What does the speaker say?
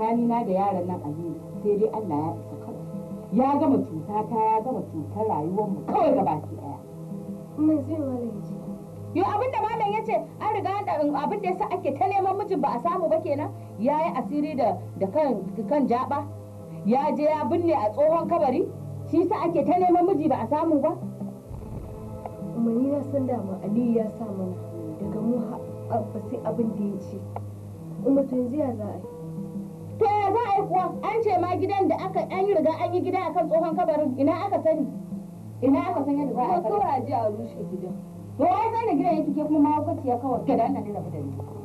tsakanina da yaran nan aliyu sai dai allah ya isa kawai ya gama cuta ta ya gama cutar rayuwar mu kawai gaba ki daya mun zai wani yo abinda malam an riga an abin da yasa ake ta neman mijin ba a samu ba kenan ya yi asiri da kan kan jaba ya je ya binne a tsohon kabari shi sa ake ta neman miji ba a samu ba umarni na san dama aliyu ya sa mana daga mu ba sai abin da ya ce umar yanzu za a yi kuwa an ce ma gidan da aka an yi riga an yi gida akan tsohon kabarin ina aka sani ina aka sani da za a kawai a a rushe gidan to ai sai da gidan yake ke kuma ma kwaciya kawai gidan nan ne da ni